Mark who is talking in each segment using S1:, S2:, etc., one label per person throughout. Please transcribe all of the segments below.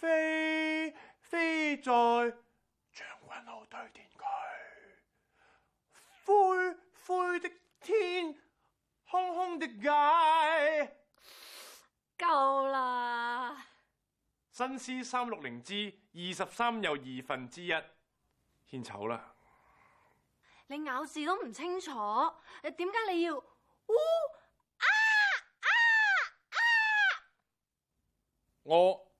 S1: 飛飛在將軍澳堆填區，灰灰的天，空空的街。夠啦了！新詩三六零之二十三又二分之一，獻醜啦！
S2: 你咬字都唔清楚，點解你要、哦啊啊
S1: 啊、我。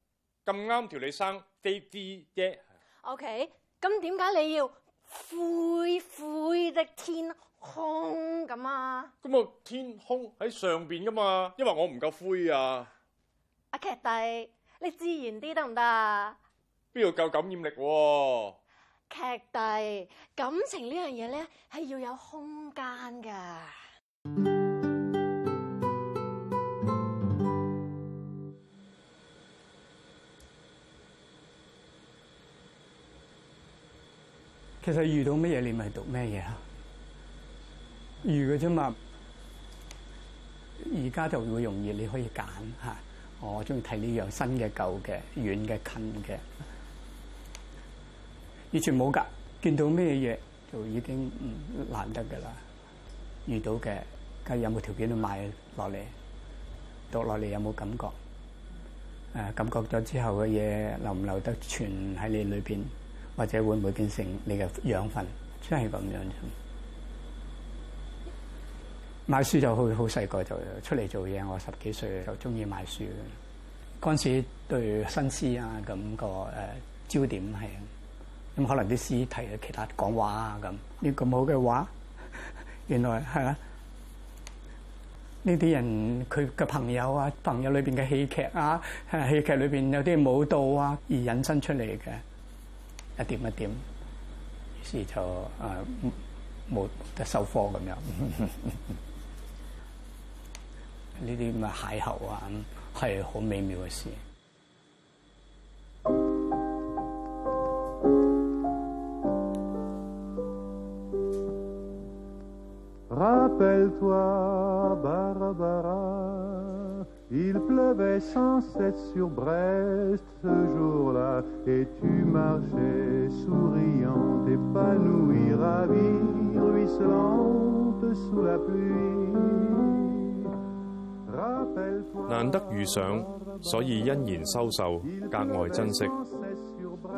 S1: 咁啱條你生飛啲啫。
S2: OK，咁點解你要灰灰的天空咁啊？
S1: 咁個天空喺上面噶嘛，因為我唔夠灰啊。阿、
S2: 啊、劇帝，你自然啲得唔得啊？
S1: 邊度夠感染力喎、
S2: 啊？劇帝，感情呢樣嘢咧，係要有空間噶。
S3: 其實遇到咩嘢，你咪讀咩嘢咯，遇嘅啫嘛。而家就會容易，你可以揀吓、哦，我中意睇呢樣新嘅、舊嘅、遠嘅、近嘅，完全冇噶。見到咩嘢就已經唔難得噶啦。遇到嘅，梗係有冇條件都買落嚟，讀落嚟有冇感覺？誒、啊，感覺咗之後嘅嘢留唔留得存喺你裏邊？或者會唔會變成你嘅養分？真係咁樣啫。買書就好，好細個就出嚟做嘢。我十幾歲就中意買書。嗰陣時對新詩啊，咁、個誒焦點係咁、嗯，可能啲詩題佢其他講話啊咁。呢咁好嘅話，原來係啊！呢啲人佢嘅朋友啊，朋友裏邊嘅戲劇啊，啊戲劇裏邊有啲舞蹈啊，而引申出嚟嘅。一點一點，於是就誒冇得收科咁樣。呢啲咁嘅邂逅啊，係好、嗯啊、美妙嘅事。
S1: 難得遇上，所以欣然收受，格外珍惜。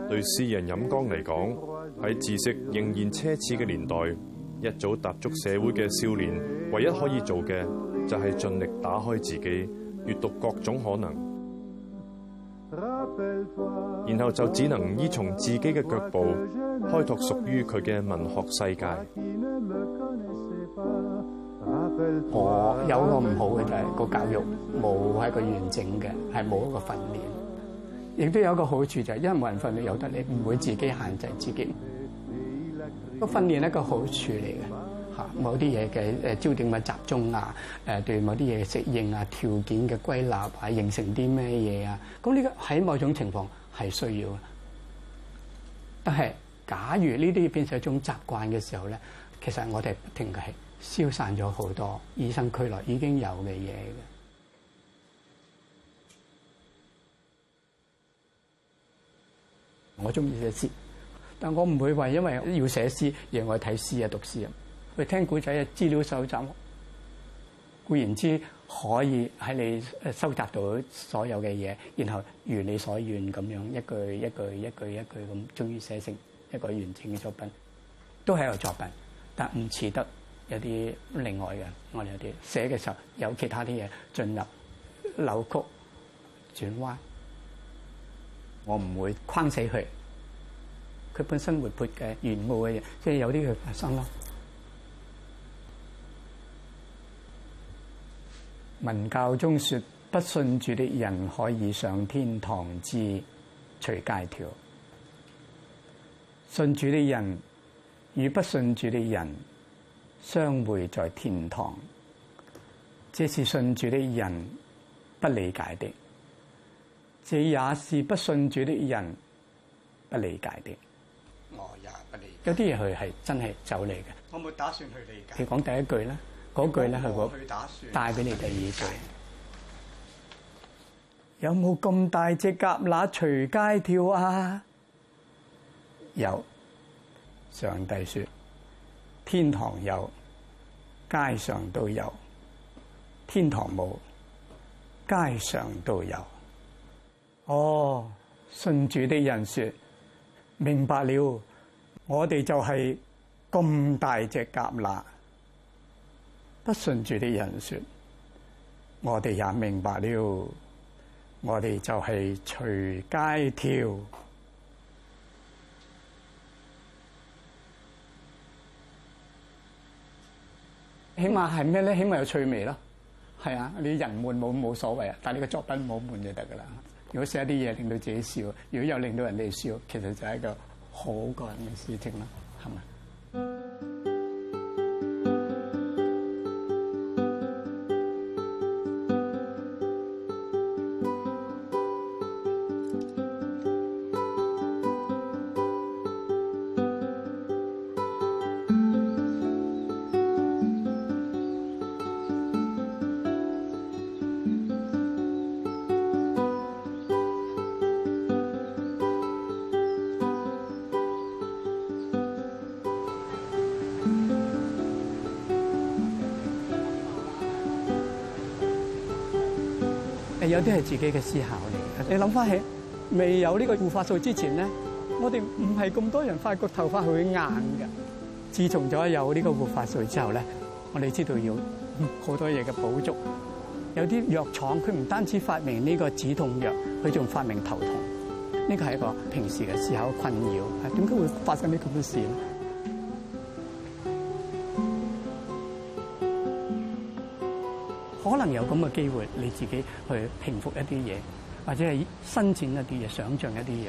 S1: 對詩人飲江嚟講，喺知識仍然奢侈嘅年代，一早踏足社會嘅少年，唯一可以做嘅就係盡力打開自己。閱讀各種可能，然後就只能依從自己嘅腳步開拓屬於佢嘅文學世界。
S3: 我、哦、有個唔好嘅就係個教育冇係一個完整嘅，係冇一個訓練。亦都有一個好處就係，因為冇人訓練有得你，你唔會自己限制自己。個訓練係一個好處嚟嘅。某啲嘢嘅誒焦點嘅集中啊，誒對某啲嘢適應啊，條件嘅歸納啊，形成啲咩嘢啊？咁呢個喺某種情況係需要嘅，但係假如呢啲變成一種習慣嘅時候咧，其實我哋不停係消散咗好多與生俱來已經有嘅嘢嘅。我中意寫詩，但我唔會話因為要寫詩而我睇詩啊、讀詩啊。佢聽古仔嘅資料搜集，固然之可以喺你誒收集到所有嘅嘢，然後如你所願咁樣一句一句一句一句咁，終於寫成一個完整嘅作品，都係一個作品，但唔似得有啲另外嘅我哋有啲寫嘅時候有其他啲嘢進入扭曲轉彎，我唔會框死佢。佢本身活潑嘅、原貌嘅嘢，即係有啲嘢發生咯。文教中說，不信主的人可以上天堂至除戒條；信主的人與不信主的人相會在天堂，這是信主的人不理解的，這也是不信主的人不理解的。我也不理。有啲嘢佢係真係走嚟嘅。我冇打算去理解。你講第一句啦。嗰句咧，係我帶俾你第二句：有冇咁大隻蛤乸隨街跳啊？有。上帝說天堂有，街上都有；天堂冇，街上都有。哦，信主的人說明白了，我哋就係咁大隻蛤乸。不順住啲人説，我哋也明白了，我哋就係隨街跳，嗯、起碼係咩咧？起碼有趣味咯，係啊！你人悶冇冇所謂啊？但你個作品冇悶就得噶啦。如果寫啲嘢令到自己笑，如果有令到人哋笑，其實就係一個好個人嘅事情啦，係咪？有啲係自己嘅思考嚟嘅。你諗翻起，未有呢個護髮素之前咧，我哋唔係咁多人發覺頭髮會硬㗎。自從咗有呢個護髮素之後咧，我哋知道要好多嘢嘅補足。有啲藥廠佢唔單止發明呢個止痛藥，佢仲發明頭痛。呢個係一個平時嘅思考困擾。點解會發生呢咁嘅事咧？可能有咁嘅機會，你自己去平復一啲嘢，或者係伸展一啲嘢，想像一啲嘢。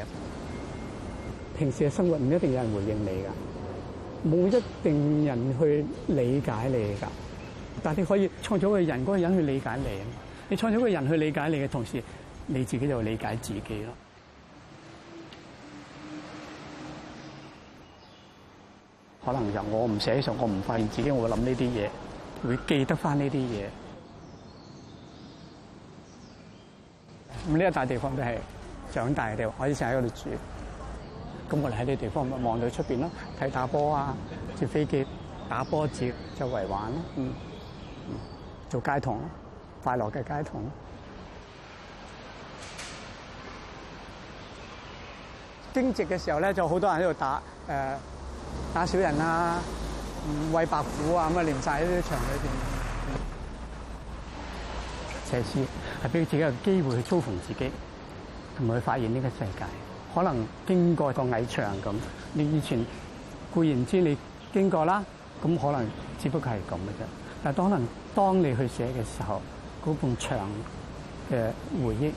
S3: 平時嘅生活唔一定有人回應你㗎，冇一定人去理解你㗎。但你可以創造一個人嗰個人去理解你。你創造一個人去理解你嘅同時，你自己就會理解自己咯。可能由我唔寫上，我唔發現自己會諗呢啲嘢，會記得返呢啲嘢。咁呢一笪地方都係長大嘅地方，我以前喺嗰度住，咁我哋喺呢地方咪望到出邊咯，睇打波啊，接飛機打波節就為玩咯，嗯，做街童，快樂嘅街童。驚蟄嘅時候咧，就好多人喺度打誒、呃、打小人啊，餵白虎啊咁啊，這樣連晒喺啲牆裏邊，邪、嗯、師。係俾自己一個機會去觸碰自己，同埋去發現呢個世界。可能經過個矮牆咁，你以前固然知你經過啦，咁可能只不過係咁嘅啫。但當當你去寫嘅時候，嗰段牆嘅回憶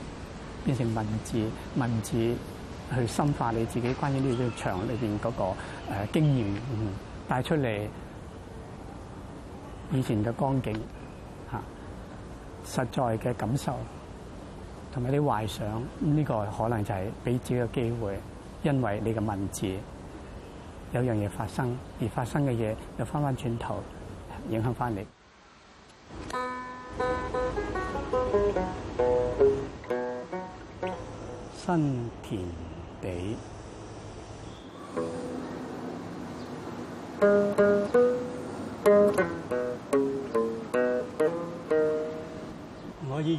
S3: 變成文字，文字去深化你自己關於呢段牆裏面嗰個誒經驗，帶出嚟以前嘅光景。實在嘅感受，同埋啲幻想，呢個可能就係俾自己嘅機會，因為你嘅文字有樣嘢發生，而發生嘅嘢又翻翻轉頭影響翻你。新田地。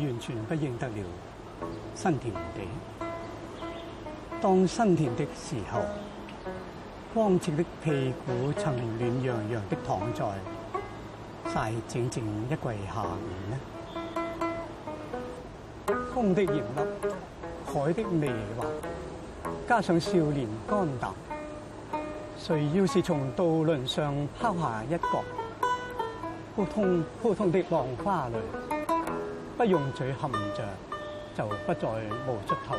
S3: 完全不認得了新田地。當新田的時候，光淨的屁股曾暖洋洋的躺在晒整整一季下面咧。風的嚴密，海的微滑，加上少年肝膽，誰要是從渡輪上拋下一角，噗通噗通的浪花裏。不用嘴含着，就不再冒出
S4: 頭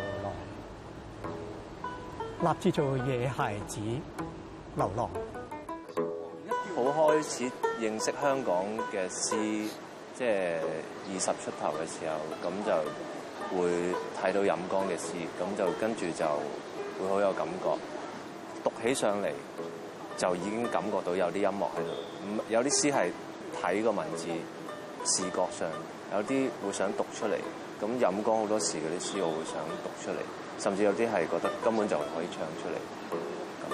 S4: 來。
S3: 立志做野孩子，流浪。
S4: 好開始認識香港嘅詩，即係二十出頭嘅時候，咁就會睇到飲江嘅詩，咁就跟住就會好有感覺。讀起上嚟，就已經感覺到有啲音樂喺度，有啲詩係睇個文字，視覺上有啲會想讀出嚟，咁飲江好多時嗰啲書，我會想讀出嚟，甚至有啲係覺得根本就可以唱出嚟。咁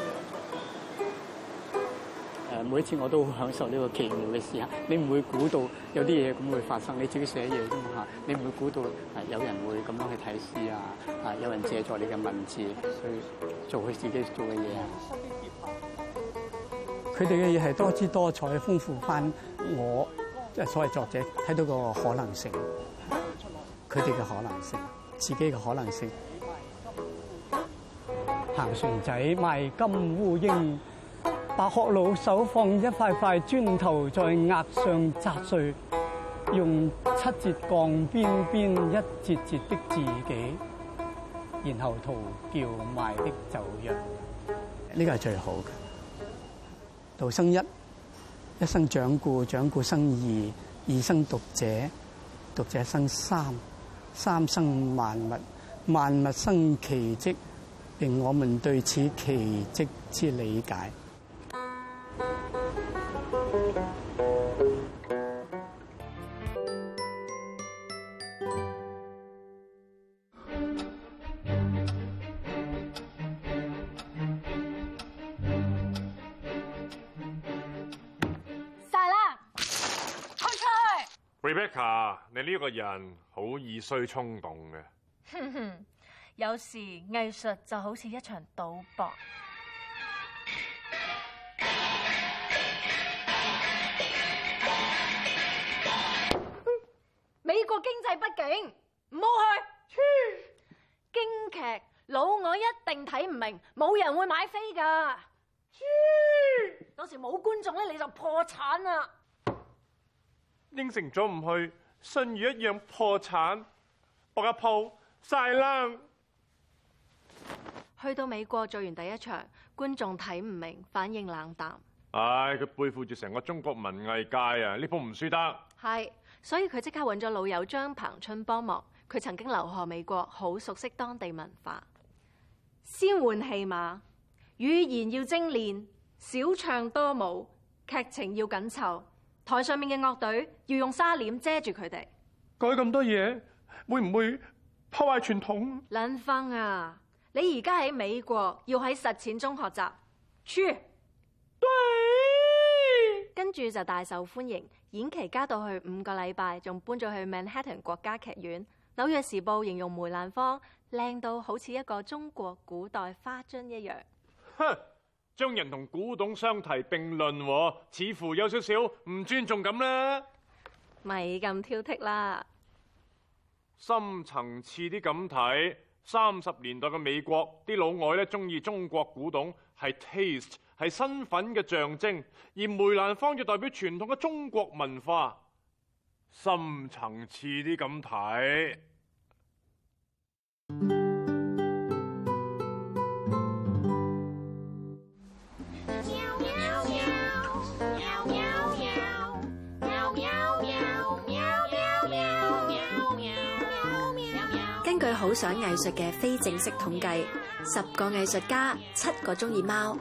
S4: 樣。
S3: 誒，每一次我都好享受呢個奇妙嘅事啊！你唔會估到有啲嘢咁會發生，你自己寫嘢啫嘛嚇，你唔會估到有人會咁樣去睇詩啊，啊，有人借助你嘅文字去做佢自己做嘅嘢啊！佢哋嘅嘢係多姿多彩，豐富翻我。即係所謂作者睇到個可能性，佢哋嘅可能性，自己嘅可能性。行船仔賣金烏蠅，白鶴佬手放一塊塊磚頭在額上砸碎，用七節鋼鞭鞭一節節的自己，然後塗叫賣的酒藥，呢個係最好嘅。道生一。一生掌故，掌故生二，二生讀者，讀者生三，三生萬物，萬物生奇蹟，令我們對此奇蹟之理解。
S1: 必須衝動嘅，哼哼，
S2: 有時藝術就好似一場賭博。美國經濟不景，唔好去。
S4: 京劇老外一定睇唔明，冇人會買飛噶。
S2: 有時冇觀眾咧，你就破產啦。應
S1: 承咗唔去。信譽一樣破產，我個鋪，晒啦！
S4: 去到了美國做完第一場，觀眾睇唔明，反應冷淡。
S1: 唉、哎，佢背負住成個中國文藝界啊！呢鋪唔輸得。
S4: 係，所以佢即刻揾咗老友張彭春幫忙。佢曾經留學美國，好熟悉當地文化。先換戲碼，語言要精煉，少唱多舞，劇情要緊湊。台上面嘅樂隊要用紗簾遮住佢哋。
S1: 改咁多嘢，會唔會破壞傳統？
S4: 林方啊，你而家喺美國要喺實踐中學習。
S2: 跟住對就大受歡迎，演期加到去五個禮拜，仲搬咗去 Manhattan 國家劇院。紐約時報形容梅蘭芳靚到好似一個中國古代花樽一樣。
S1: 將人同古董相提並論，似乎有少少唔尊重咁咧。
S2: 咪咁挑剔啦！
S1: 深層次啲咁睇，三十年代嘅美國啲老外呢，中意中國古董係 taste，係身份嘅象徵，而梅蘭芳就代表傳統嘅中國文化。深層次啲咁睇。
S2: 想藝術嘅非正式統計，十個藝術家七個中意貓，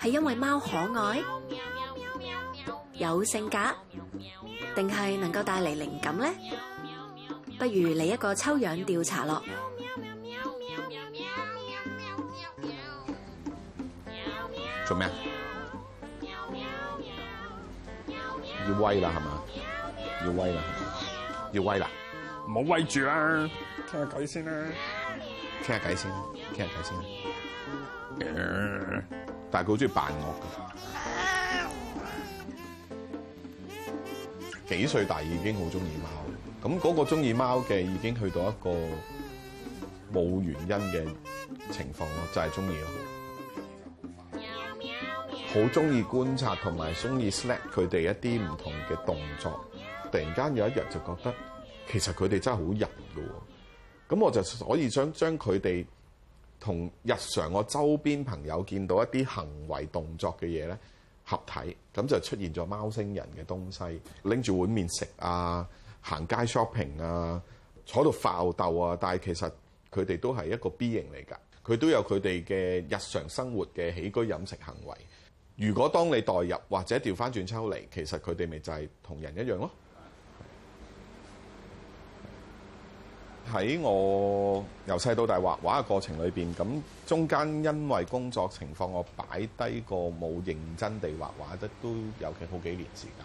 S2: 係因為貓可愛，有性格，定係能夠帶嚟靈感呢？不如嚟一個抽樣調查咯。
S5: 做咩？要威啦係嘛？要威啦！要威啦！唔好威住啦，傾下偈先啦，傾下偈先，傾下偈先。但係佢好中意扮惡嘅，幾歲大已經好中意貓。咁、那、嗰個中意貓嘅已經去到一個冇原因嘅情況咯，就係中意咯。好中意觀察同埋中意 slap 佢哋一啲唔同嘅動作。突然間有一日就覺得。其實佢哋真係好人㗎，咁我就所以想將佢哋同日常我周邊朋友見到一啲行為動作嘅嘢呢合體，咁就出現咗貓星人嘅東西，拎住碗麵食啊，行街 shopping 啊，坐喺度發吽哣啊，但係其實佢哋都係一個 B 型嚟㗎，佢都有佢哋嘅日常生活嘅起居飲食行為。如果當你代入或者調翻轉抽離，其實佢哋咪就係同人一樣咯。喺我由細到大畫畫嘅過程裏邊，咁中間因為工作情況，我擺低過冇認真地畫畫，得都尤其好幾年時間。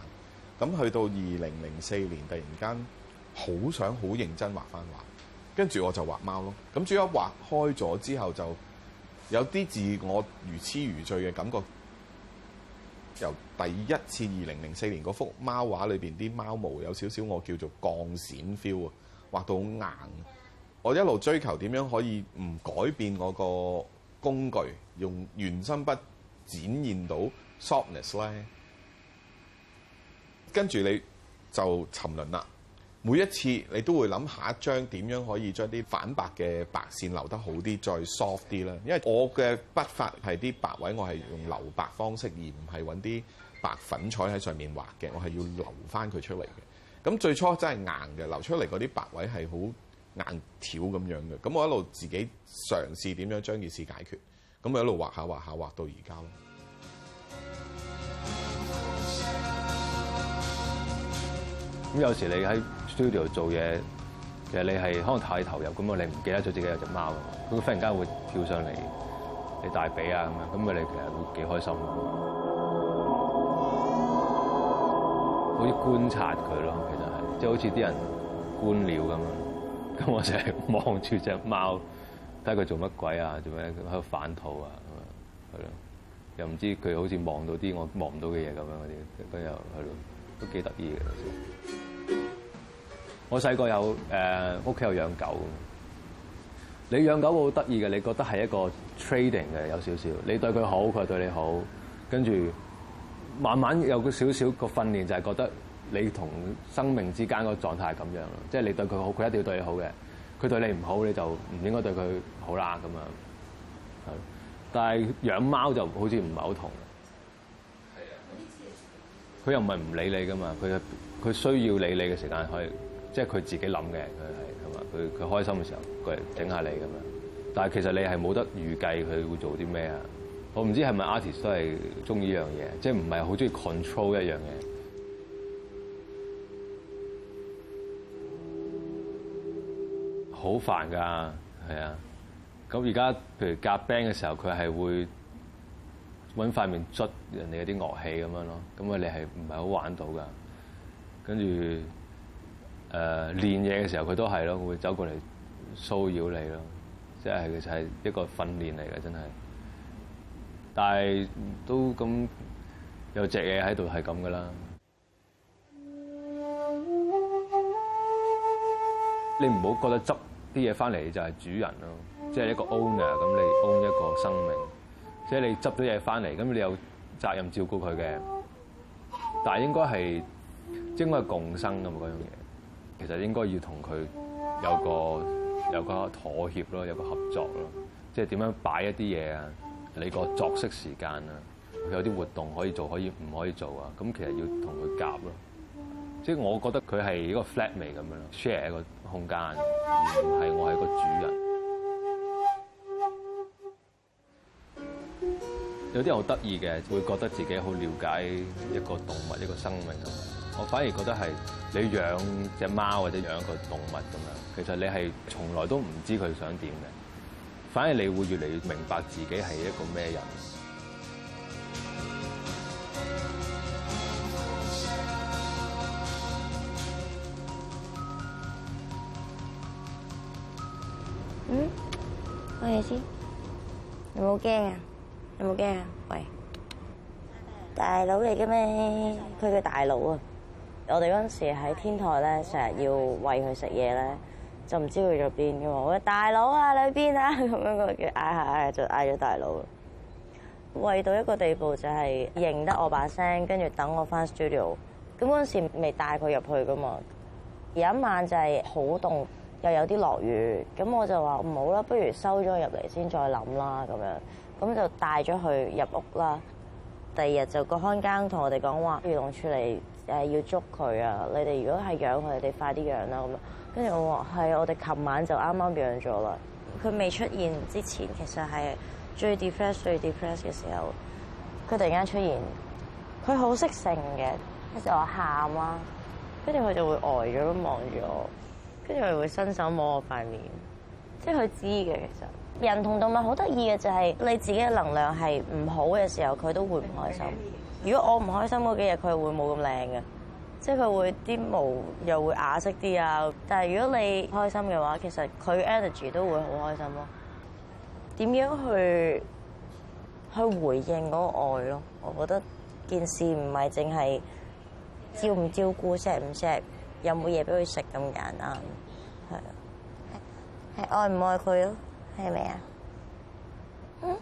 S5: 咁去到二零零四年，突然間好想好認真畫翻畫，跟住我就畫貓咯。咁之後畫開咗之後，就有啲自我如痴如醉嘅感覺。由第一次二零零四年嗰幅貓畫裏邊，啲貓毛有少少我叫做鋼閃 feel 啊！畫到好硬，我一路追求點樣可以唔改變我個工具，用原生筆展現到 softness 咧。跟住你就沉淪啦。每一次你都會諗下一張點樣可以將啲反白嘅白線留得好啲，再 soft 啲啦。因為我嘅筆法係啲白位，我係用留白方式，而唔係揾啲白粉彩喺上面畫嘅。我係要留返佢出嚟嘅。咁最初真係硬嘅，流出嚟嗰啲白位係好硬條咁樣嘅。咁我一路自己嘗試點樣將件事解決，咁一路畫一下畫下畫到而家咯。
S4: 咁有時你喺 studio 做嘢，其實你係可能太投入咁啊，你唔記得咗自己有隻貓，咁忽然間會跳上嚟你大髀啊咁樣，咁佢哋其實都幾開心的。好似觀察佢咯，其實係，即係好似啲人觀鳥咁樣，咁我就係望住隻貓，睇佢做乜鬼啊？做咩喺度反肚啊？係咯，又唔知佢好似望到啲我望唔到嘅嘢咁樣嗰啲，佢又係咯，都幾得意嘅。我細個有誒屋企有養狗，你養狗好得意嘅，你覺得係一個 trading 嘅有少少，你對佢好，佢對你好，跟住。慢慢有個少少個訓練，就係覺得你同生命之間個狀態咁樣咯，即係你對佢好，佢一定要對你好嘅。佢對你唔好，你就唔應該對佢好啦咁樣。係，但係養貓就好似唔係好同。係啊的，佢又唔係唔理你噶嘛，佢佢需要理你嘅時間，可以即係佢自己諗嘅，佢係係嘛，佢佢開心嘅時候，佢整下你咁樣。的但係其實你係冇得預計佢會做啲咩啊。我唔知係咪 artist 都係中意呢樣嘢，即係唔係好中意 control 一樣嘢，好煩噶，係啊！咁而家譬如夾 band 嘅時候，佢係會搵塊面捽人哋嗰啲樂器咁樣咯，咁啊你係唔係好玩到噶？跟住誒練嘢嘅時候，佢都係咯，會走過嚟騷擾你咯，即係其實係一個訓練嚟嘅，真係。但係都咁有隻嘢喺度係咁噶啦。你唔好覺得執啲嘢翻嚟就係主人咯，即係一個 owner 咁，你 own 一個生命，即係你執咗嘢翻嚟，咁你有責任照顧佢嘅。但係應該係應該共生咁嗰樣嘢，其實應該要同佢有個有個妥協咯，有個合作咯，即係點樣擺一啲嘢啊？你個作息時間佢有啲活動可以做，可以唔可以做啊？咁其實要同佢夾咯，即係我覺得佢係一個 flat 味咁樣 s h a r e 一個空間，唔係我係個主人。有啲人好得意嘅，會覺得自己好了解一個動物、一個生命咁樣。我反而覺得係你養隻貓或者養個動物咁樣，其實你係從來都唔知佢想點嘅。反而你會越嚟越明白自己係一個咩人？
S2: 嗯？喂，嘢先，有冇驚啊？有冇驚啊？喂，大佬嚟嘅咩？佢係大佬啊！我哋嗰陣時喺天台咧，成日要餵佢食嘢咧。就唔知去咗邊嘅喎，我話大佬啊，你去邊啊？咁樣個叫嗌下嗌下就嗌咗大佬，餵到一個地步就係認得我把聲，跟住等我翻 studio。咁嗰時未帶佢入去㗎嘛，有一晚就係好凍，又有啲落雨，咁我就話唔好啦，不如收咗入嚟先，再諗啦咁樣。咁就帶咗佢入屋啦。第二日就個看更同我哋講話，漁農處嚟要捉佢啊！你哋如果係養佢，你哋快啲養啦咁。跟住我話係，我哋琴晚就啱啱養咗啦。佢未出現之前，其實係最 depress，最 depress 嘅時候。佢突然間出現，佢好識性嘅。跟住我喊啦，跟住佢就會呆咗，望住我。跟住佢會伸手摸我塊面，即係佢知嘅。其實人同動物好得意嘅就係你自己嘅能量係唔好嘅時候，佢都會唔開心。如果我唔開心嗰幾日，佢會冇咁靚嘅。即係佢會啲毛又會雅色啲啊！但係如果你開心嘅話，其實佢 energy 都會好開心咯。點樣去去回應嗰個愛咯？我覺得件事唔係淨係照唔照顧錫唔錫，有冇嘢俾佢食咁簡單，係啊，係愛唔愛佢咯？係咪啊？嗯。